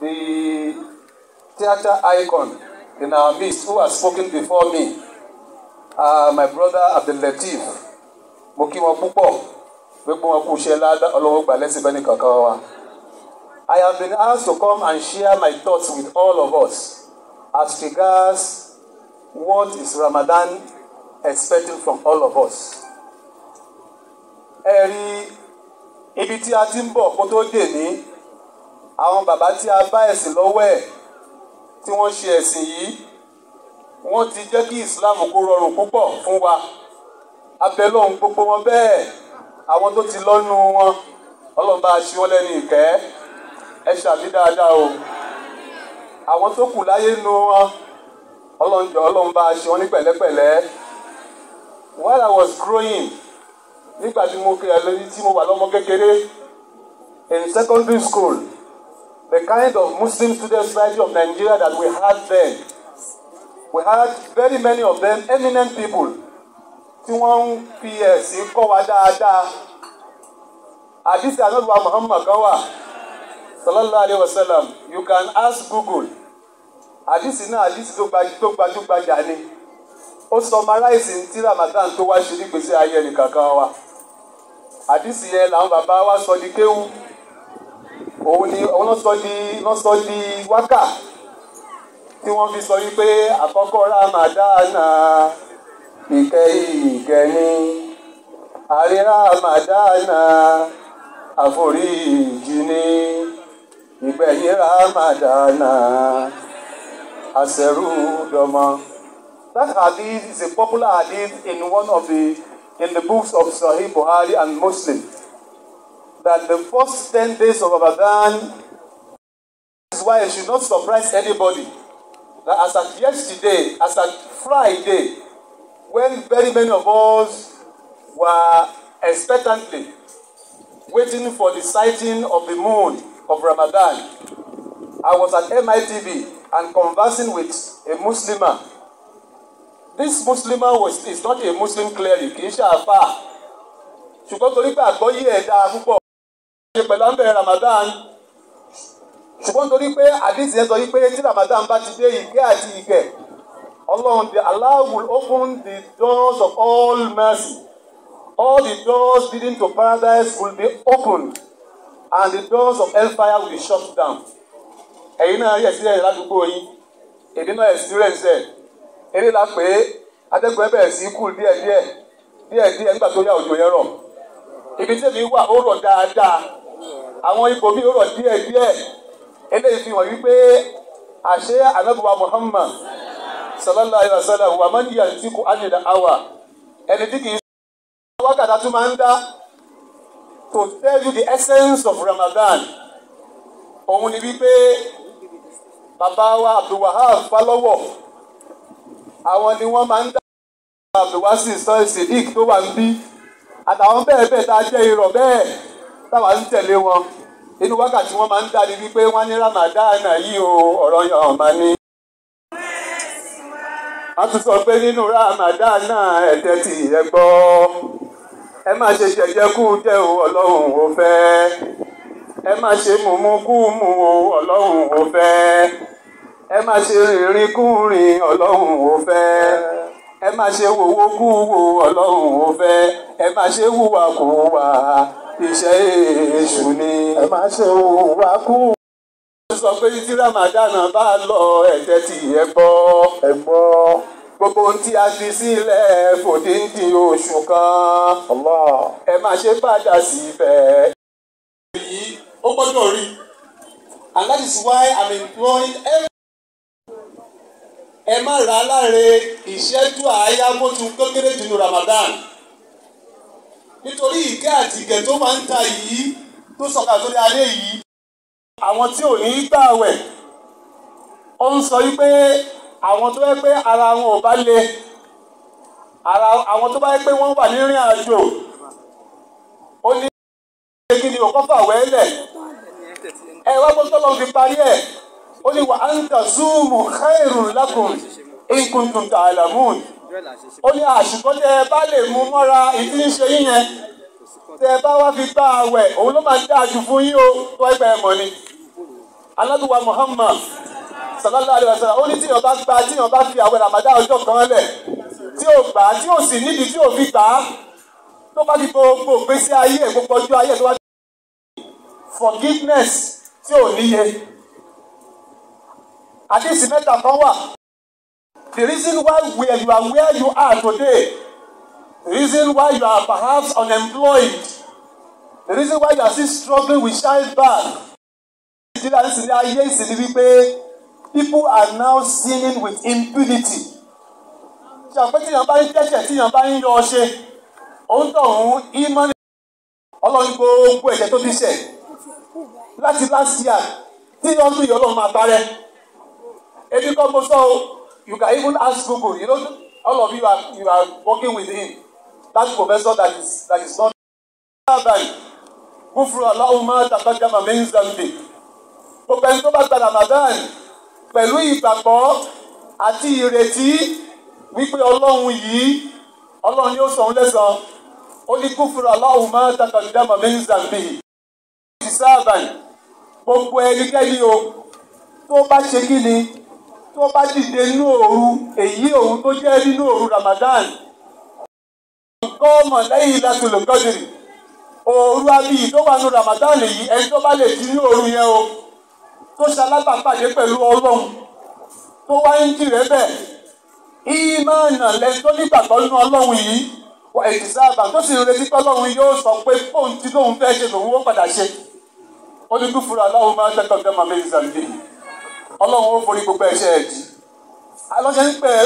the theatre icon in our midst who has spoken before me, uh, my brother Abdul Latif. Mo kí wọn púpọ̀ gbogbo wọn kú iṣẹ́ ládá ọlọ́wọ́ gbà lẹ́sìn bẹ́ẹ̀ kankan wa. I have been asked to come and share my thoughts with all of us as regards what is Ramadan expecting from all of us. Ẹ̀rí ibi tí a ti ń bọ̀ kó tó dè ní àwọn bàbá tí a bá ẹ̀sìn lọ́wọ́ ẹ̀ tí wọ́n ṣe ẹ̀sìn yìí wọ́n ti jẹ́ kí Islam kó rọrùn púpọ̀ fún wa abẹ́lọ́hún gbogbo wọn bẹ́ẹ̀ àwọn tó ti lọ́nu wọn ọlọ́run bá ṣe wọ́n lẹ́nu ìkẹ́ ẹ ṣàbí dáadáa o àwọn tó kù láyé nu wọn ọlọ́run jọ ọlọ́run bá ṣe wọ́n ní pẹ̀lẹ́pẹ̀lẹ́ while I was growing nígbà tí mo kí ẹ lórí tí mo wà lọ́mọ kékeré in secondary school. the kind of Muslim student society of Nigeria that we had then. We had very many of them eminent people ti wọ́n ń fi ẹ̀sìn kọ́ wa dáadáa. Àdìsí Anábìwá Muhammad kan sallallahu alaihi wasallam you can ask Google. to náà àdìsí tó gbajúgbajà ni. Ó sọmaráìsì tí Ramadan tó wá ṣe nígbèsè ayé ẹnìkankan wa. Àdìsí yẹn làwọn baba wa so di kéwú. òun ni òun sọ di ló sọ di wákà tí wọ́n fi sọ wípé àkọ́kọ́ ramadana ìkẹyìn ìkẹni àrí ramadana àforíjì ni ìgbẹ̀yìn ramadana àṣẹrú dọmọ. That hadith is a popular hadith in one of the in the books of Sahih Buhari and Muslim that the first 10 days of Ramadan is why it should not surprise anybody that as at yesterday, as at Friday, when very many of us were expectantly waiting for the sighting of the moon of Ramadan, I was at MITV and conversing with a Muslimah. This Muslimah was, is not a Muslim cleric, kì í ṣùgbọ́n torí pé àgbọ́yé ẹ̀ púpọ̀ ṣe pẹ̀lú àbẹ̀rẹ̀ Ramadan ṣùgbọ́n torí pé àdìsí yẹn sọ yí pé tí Ramadan bá ti dé ìkẹ́ àti ìkẹ́ Ọlọ́run the Allah will open the doors of all mercy all the doors leading to paradise will be opened and the doors of hellfire will be shut down ẹ̀yin náà yẹ sílẹ̀ ládùúgbò yín èmi náà experience ẹ̀ eré la pé atẹ́gbẹ́ bẹ̀rẹ̀ sí kú díẹ̀díẹ̀ díẹ̀díẹ̀ nígbà tó yá òjò yẹn rọ̀ ibi tí èmi wà ó rọ̀ dáadáa àwọn ipò mi rọ̀ díẹ̀ díẹ̀ eléyìí fi hàn wípé àṣẹ anábùwà Muhammad sallallahu alayhi wa sallam wà mọ́ni yàrá tí kò ánìlà àwà ẹni tí kì í sọ wákàtí tó máa ń dá to tell you the essence of Ramadan òun ni wípé bàbá wa Abdulwahab Fálọ́wọ̀ àwọn ni wọ́n máa ń dá Abdulwasi sọ Sadiq tó wà ń bí àtàwọn bẹ́ẹ̀ bẹ́ẹ̀ tá a jẹ́ irọ́ bẹ́ẹ̀ táwa ń tẹ̀lé wọn inú wákàtí wọn máa ń dá ni wípé wọn ní Ramadan yìí o ọ̀rọ̀ yẹn ọ̀ma ni. a tún sọ pé nínú Ramadan ẹ̀tẹ́ ti yẹ gbọ́ ẹ má ṣe jẹjẹkú jẹ o Ọlọ́run ò fẹ́ ẹ má ṣe mùmúkúmù o Ọlọ́run ò fẹ́ ẹ má ṣe rìnrìn kúrin Ọlọ́run ò fẹ́ ẹ má ṣe wòwó kú wo Ọlọ́run ò fẹ́ ẹ má ṣe wùwà kú wà iṣẹ́ èṣù ni. ẹ má ṣe òwúwa kú. ó sọ pé tí Ramadan bá lọ ẹ̀jẹ̀ tí ẹ gbọ́. ẹ gbọ́. gbogbo ohun tí a fi sílẹ̀ fòdíńdì oṣù kan. Allah. ẹ má ṣe padà síbẹ̀. èyí ó gbọ́dọ̀ rí and that is why I'm employing every ẹ má ra aláre ìṣẹ́jú àáyá bó ti kókéré Ramadan nítorí ìkẹ́ àti ìkẹ́ tó máa ń ta yìí tó sọ̀kà lórí ayé yìí àwọn tí ò ní gbààwẹ̀ ó ń sọ wípé àwọn tó yẹ pé ara wọn ò bá le ara àwọn tó bá yẹ pé wọ́n wà nírìn àjò ó ní kí ni òkọ́ fà wẹ́lẹ̀ ẹ wá gbọ́dọ̀ lọ́n fi parí ẹ̀ ó ní wa an tasumu khairun lakum in kuntum ta'lamun ó ní àsìkò tẹ ẹ bá lè mú mọ́ra ìdí ń ṣe yín yẹn tẹ ẹ bá wá fi gbá àwẹ̀ òun ló máa ń dáa jù fún yín o tó ẹgbẹ́ ẹ mọ̀ ni alágbèwà Muhammad sallallahu alayhi wa sallam ó ní tí yàn bá gba tí yàn bá fi àwẹ̀ ramadan ọjọ́ kan lẹ̀ tí ò gbà tí ò sì nídìí tí ò fi gbà á tó bá ti gbogbo gbèsè ayé gbogbo ọjọ́ ayé tó bá ti forgiveness tí ò níye àdéhùn mẹ́ta kan wà. The reason why where you are where you are today, the reason why you are perhaps unemployed, the reason why you are still struggling with childbirth, people are now sinning with impunity. ṣàpẹ́ tí ẹ̀jẹ̀ tó ti ṣẹ̀ láti last year tí ọdún yìí ọlọ́run máa parẹ́ ebi kọ́ mo sọ You can even ask Google. You know, all of you are you are working with him. That professor that is that is not báyìí. Gúfúrú aláwùmá tàbájáma mẹ́ńsàmìdè. Gbogbo ẹni tó Ramadan pẹ̀lú ìgbàgbọ́ àti ìrètí wípé Ọlọ́run yìí Ọlọ́run yóò sọ̀rọ̀ lẹ́sàn-án. Ó ní gúfúrú aláwùmá tàbájáma mẹ́ńsàmìdè. Ìsáàbàyì gbogbo ẹnikẹ́ni o tó bá ṣe kí ni tó bá dìde nínú òru èyí òru tó jẹ́ nínú òru Ramadan gọ́ọ̀mọ̀ lẹ́yìn Lailatul Qadr òru abiyì tó wà nínú Ramadan yìí ẹni tó bá lè jí ní òru yẹn o tó ṣalábàpàdé pẹ̀lú Ọlọ́run tó wá ń jìrẹ́ bẹ̀ ìmọ̀ọ̀nà lẹ́ni tó nígbàgbọ́ nínú Ọlọ́run yìí wọ ìdìsáàbà tó sì ń retí pé Ọlọ́run yóò sọ pé fóun tí lóun fẹ́ ṣe lòun ó padà ṣe ó ní kúfúrú aláwo máa ń tẹ́tọ̀ gẹ́mà méjì sàlùdé ọlọ́run ó forí gbogbo ẹ̀ṣẹ̀ ẹ̀ jì alọ́ṣẹ́ ń pẹ́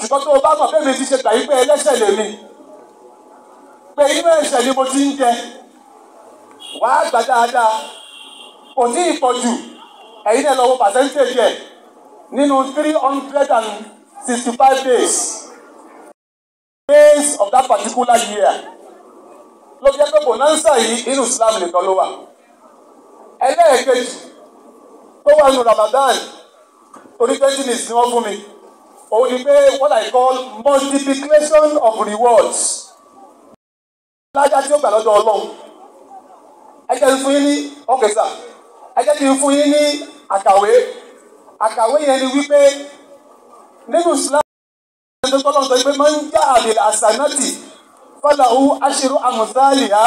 ṣùgbọ́n tó o bá mọ̀ bẹ́ẹ̀ mi ti ṣe gbà yí pé ẹlẹ́ṣẹ̀ lèmi pé inú ẹ̀ṣẹ̀ ni mo ti ń jẹ wàá gbà dáadáa kò ní ìpọ̀jù ẹ̀yin náà lọ́wọ́ percentage ẹ̀ nínú three hundred and sixty five days days of that particular year ló jẹ́ pé bonanza yìí inú Islam nìkan ló wà ẹlẹ́ẹ̀kejì ó wà nínú Ramadan orí twenty minutes ni wọ́n fún mi òun ni pé what I call multiplication of rewards lájà tí ó gbà lọ́dọ̀ Ọlọ́run ẹ jẹ́ kí n fún yín ní ọkẹ́ sà ẹ jẹ́ kí n fún yín ní àkàwé àkàwé yẹn ni wípé nínú Islam ẹni tó sọ pé máa ń já àbí àsánátì fọláhù aṣírò àmùsáàlìyá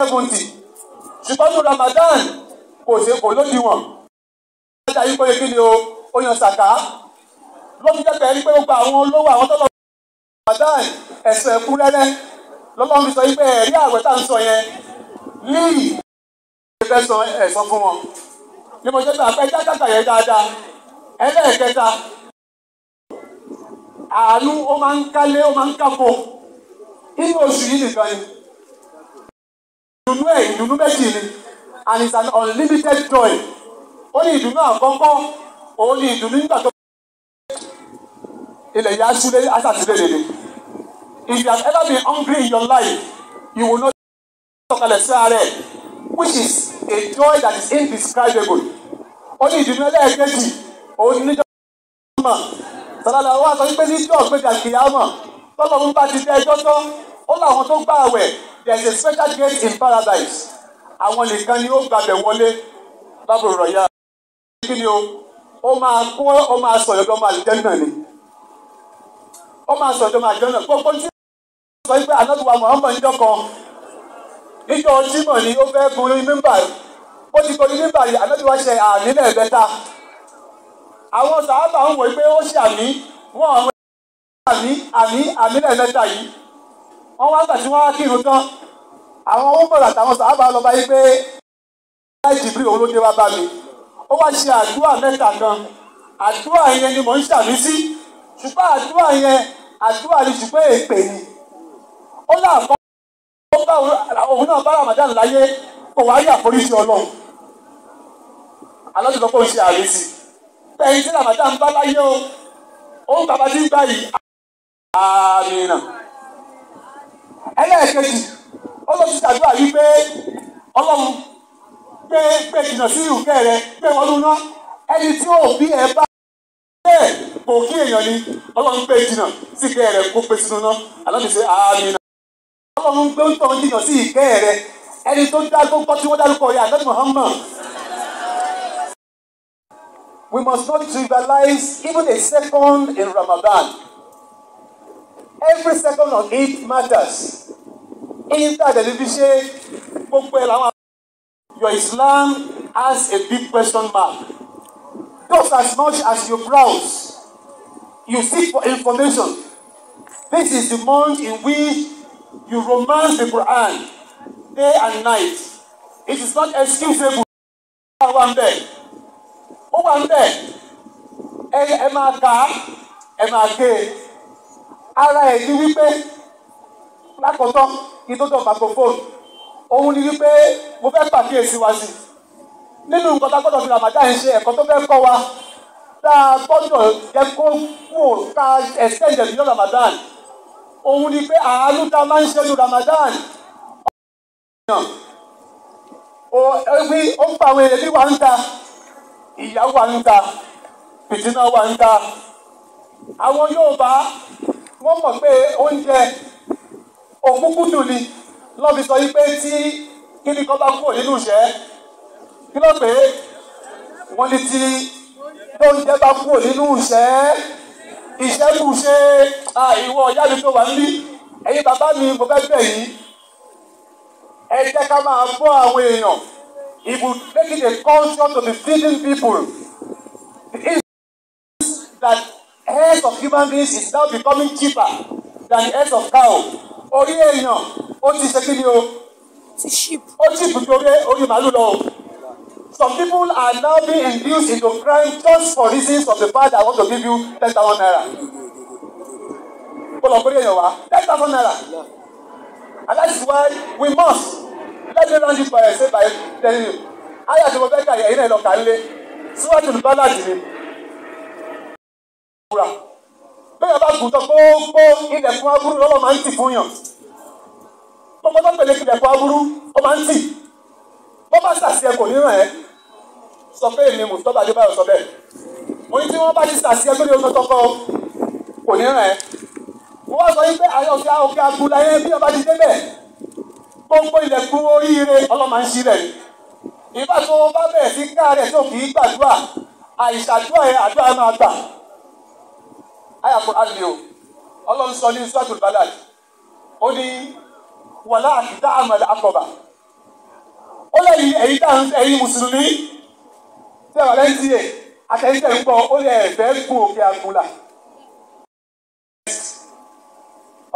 seventy ṣùgbọ́n ní Ramadan kò ṣe kò lódiwọ̀n. ẹ̀ka yìí péye kí ni o ó yan sàká lọ́dún jẹ́ pẹ̀lú pé ó gba àwọn olówó àwọn tọ́lọ́ Ramadan ẹ̀sùn ẹ̀kúnrẹ́rẹ́ lọ́lọ́run fi sọ yí pé ẹ̀rí àwẹ̀ tá ń sọ yẹn líì ẹ̀fẹ́ sọ ẹ̀sọ́ fún wọn. ní mo jẹ́ pé àpẹ́ jákàtà yẹn dáadáa ẹlẹ́ẹ̀kẹta àánú ó máa ń kálé ó máa ń kápò nínú oṣù yìí nìkan ni ìdùnnú ẹ̀ ìdùnnú méjì ni and it's an unlimited joy Only ní ìdùnnú àkọ́kọ́ òun ní ìdùnnú nígbà tó ilẹ̀ yà á súlé àtàtúndé lè if you have ever been hungry in your life you will not sọ̀kalẹ̀ sí ààrẹ which is a joy that is indescribable ó ní ìdùnnú ẹlẹ́ẹ̀kejì òun ní ìjọba ìjọba sàlàlà wa sọ pé níjọ́ ọ̀gbẹ́jà kìyàmọ̀ tọ́lọ́mú bá ti dé ẹjọ́ tán ó láwọn tó gbà àwẹ̀ there is a special gate in paradise àwọn nìkan ni ó gbàbẹ̀ wọlé bábùrù rọ̀yà kí ni o ó máa kó ó máa sọ ìjọba ọmọ àlùjẹ́ náà ni ó máa sọ ìjọba àlùjẹ́ náà gbogbo tí ó sọ pé anáduwa Muhammad níjọ́ kan níjọ́ Jímọ̀ ni ó fẹ́ bu mímbà ó ti gbóyún mímbà yìí anáduwa ṣe àmì lẹ́ẹ̀mẹ́ta àwọn sàábà ń wò pé ó ṣe àmì wọn àwọn àmì àmì àmì lẹ́ẹ̀mẹ́ta yìí wọ́n wá gbà tí wọ́n á kírun tán àwọn owó bọ̀dà àtàwọn sàábà lọ bá yí pé láì jìbìrì òun ló dé wá bá mi ó wá ṣe àdúrà mẹ́ta kan àdúrà yẹn ni mò ń ṣàmì sí ṣùgbọ́n àdúrà yẹn àdúrà ni ṣùgbọ́n èpè ni ó là bá òun náà bá Ramadan láyé kò wá rí àforíjì Ọlọ́run alọ́dún lọ́kọ́ ń ṣe àmì sí bẹ́ẹ̀ tí Ramadan bá láyé o òun bàbá ti ń gbà yìí àmì náà ẹlẹ́ẹ̀kejì ọlọ́run ti ṣàdúrà yìí pé ọlọ́run pé pé jìnnà sí ìrùkẹ́ rẹ pé wọ́n lúná ẹni tí òbí ẹ bá bẹ́ẹ̀ kò kí èèyàn ni ọlọ́run pé jìnnà sí ìkẹ́ rẹ kó pé sínú ná àlọ́ ti ṣe ọlọ́run pé ń tọ́jú jìnnà sí ìkẹ́ rẹ ẹni tó dá gbogbo tí wọ́n dárúkọ rẹ̀ àdánù Muhammad. We must not trivialize even a second in Ramadan. Every second of it matters eyín tí àtẹ̀lé ṣe gbogbo ẹ̀ làwọn. Your Islam has a big question mark. Just as much as you browse, you seek for information. This is the month in which you romance the Quran day and night. It is not excusable. Ó wà ń bẹ̀. Ó wà ń bẹ̀. Ẹ máa kà á, ẹ máa gé e. Ara ẹ̀ ni wípé lákòótán kí tó tọ̀ microphone òun ni wípé mo fẹ́ pàkíyèsí wa sí nínú nǹkan tá a gbọ́dọ̀ fi ramadan ṣe ẹ̀kọ́ tó fẹ́ kọ́ wa tá a gbọ́dọ̀ jẹ́ kó wò ká ẹ̀sẹ̀ǹdẹ̀ bí ramadan òun ni pé àánú tá a máa ń ṣe ní ramadan ọ̀gbìn ó ń pa àwọn èèyàn bí wà ń ta ìyà wà ń ta fìtínà wà ń ta àwọn Yorùbá wọ́n mọ̀ pé oúnjẹ òkúkúdù ni lọ́bi sọ yìí pé tí kíni kọ́ bá kúrò nínú ìṣẹ́ kí ló pé wọ́n ní tí lóúnjẹ bá kúrò nínú ìṣẹ́ ìṣẹ́ kù ṣe ìwọ ìyá tó wà níbí ẹ̀yin bàbá mi mo fẹ́ bẹ̀ yìí ẹ jẹ́ ká máa bọ́ àwọn èèyàn it would make it a culture to be feeding people the issue that health of human beings is now becoming cheaper than health of cow orí èèyàn ó ti ṣe kí ni o ó ti bùjọ orí màálù lọ o. Some people are now being induced into crime just for reasons of the fact I want to give you ten thousand naira. Bọ́lá ọ̀gbẹ́rẹ́ èèyàn wá ten thousand naira. And that is why we must let me run this by say by telling you. Ayé àti Mọ̀bẹ́kà yẹ̀yìn náà lọ kà ń lé. Síwájú ìbálàjì ni bẹ́ẹ̀ bá gùn tán gbogbo ilẹ̀kùn aburú lọ́wọ́ máa ń tì fún yàn gbogbo tó tẹ̀lé ilẹ̀kùn aburú ó máa ń tì bó bá sàṣì ẹ kò ní ràn ẹ́ sọ pé èmi mùsùlùmí adébáyọ̀ sọ bẹ́ẹ̀ mo ní tí wọ́n bá ti sàṣì ẹ lórí oṣooṣọ́ kọ́ kò ní ràn mo wá sọ yín pé àyọ̀ ọ̀gá ọ̀gá agula yẹn bí ọba ti débẹ̀ gbogbo ilẹ̀kùn oríire ọlọ́mà ń bá bẹ̀rẹ̀ sí káàrẹ̀ tó kì í gbàdúrà àìṣàdúrà yẹn àdúrà máa gbà àyà Qur'an lè o ọlọ́run sọ ní suratul Balad ó ní wàlá àkìtá àmàlà àkọ́bà ó lẹ́yìn èyí dáhùn ẹ̀yin mùsùlùmí tẹ́ wà lẹ́yìn tiẹ̀ àtẹ̀yìntẹ̀ ń bọ̀ ó lẹ́ ẹ̀fẹ́ gun òkè àgùnlà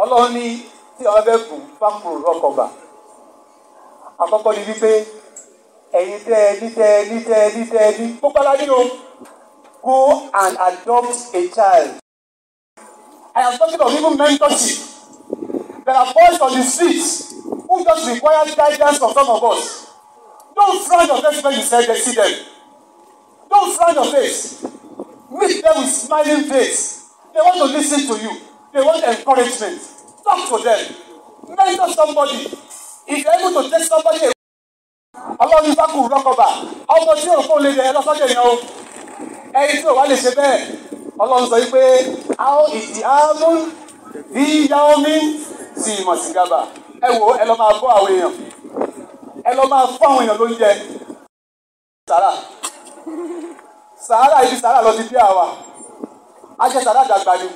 ọlọ́run ní tí ọmọ bẹ́ẹ̀ gùn fáfùrù rọ́kọ̀bà àkọ́kọ́ ni wípé ẹ̀yin tẹ́ gbogbo aládé o go and adopt a child. am talking of even mentorship. There are boys on the streets who just require guidance from some of us. Don't frown your face when you say they see them. Don't frown your face. Meet them with smiling face. They want to listen to you. They want encouragement. Talk to them. Mentor somebody. If you're able to take somebody away, ọlọ́run bá kù rọ́kọ̀bà ọmọ tí òun kò lè dẹ̀ lọ́sọ́dẹ̀ yẹn o ẹni tí ò wá lè ṣe bẹ́ẹ̀ ọlọ́run sọ wípé how is the almond bí yaomi sí mọ̀sígábà ẹ wò ẹ lọ máa bọ́ àwọn èèyàn ẹ lọ máa fọ́ àwọn èèyàn lóúnjẹ sàrà sàrà ibi sàrà lọ ti bí àwa ajẹ sàrà dàgbà ni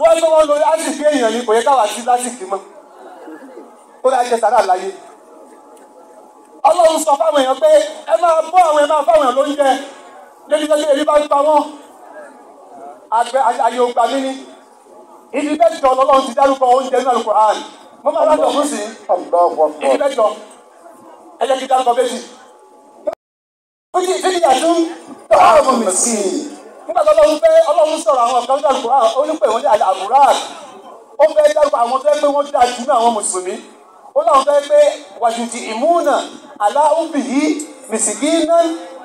wọ́n tó wọ́n lórí ásìkì èèyàn ni kò yẹ káwa sí lásìkì mọ́ ó lè ajẹ sàrà láyé ọlọ́run sọ fáwọn èèyàn pé ẹ máa bọ́ àwọn ẹ máa fáwọn èèyàn lóúnjẹ lórí lọ́jọ́ èrí bá ń pa wọ́n ayé ògbà mi ni ìdí mẹ́jọ lọ́lọ́run ti dárúkọ oúnjẹ nínú Al-Qur'an mo máa lájọ fún sí ìdí mẹ́jọ ẹ jẹ́ kí dárúkọ méjì. Fíjì àti tọ́ọ̀mù mi sí i. Nígbà tó lọ́run fẹ́ ọlọ́run sọ̀rọ̀ àwọn ọ̀kan nínú Al-Qur'an ó ní pé wọ́n ní àbúrà ó fẹ́ dárúkọ àwọn tó yẹ pé wọ́n dáa jù ní àwọn mùsùlùmí ó láwọn fẹ́ pé wàjùdì ìmúnà aláhùnbìyí mìsìgínà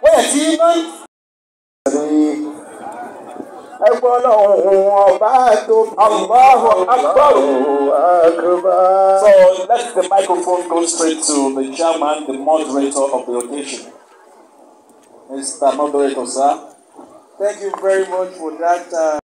wẹ́yẹ̀ tí mọ́ ẹgbẹ́ ọlọ́run ọba tó Allahu Akbar. So let the microphone go straight to the chairman, the moderator of the occasion. Mr. Moderator, sir. Thank you very much for that. Uh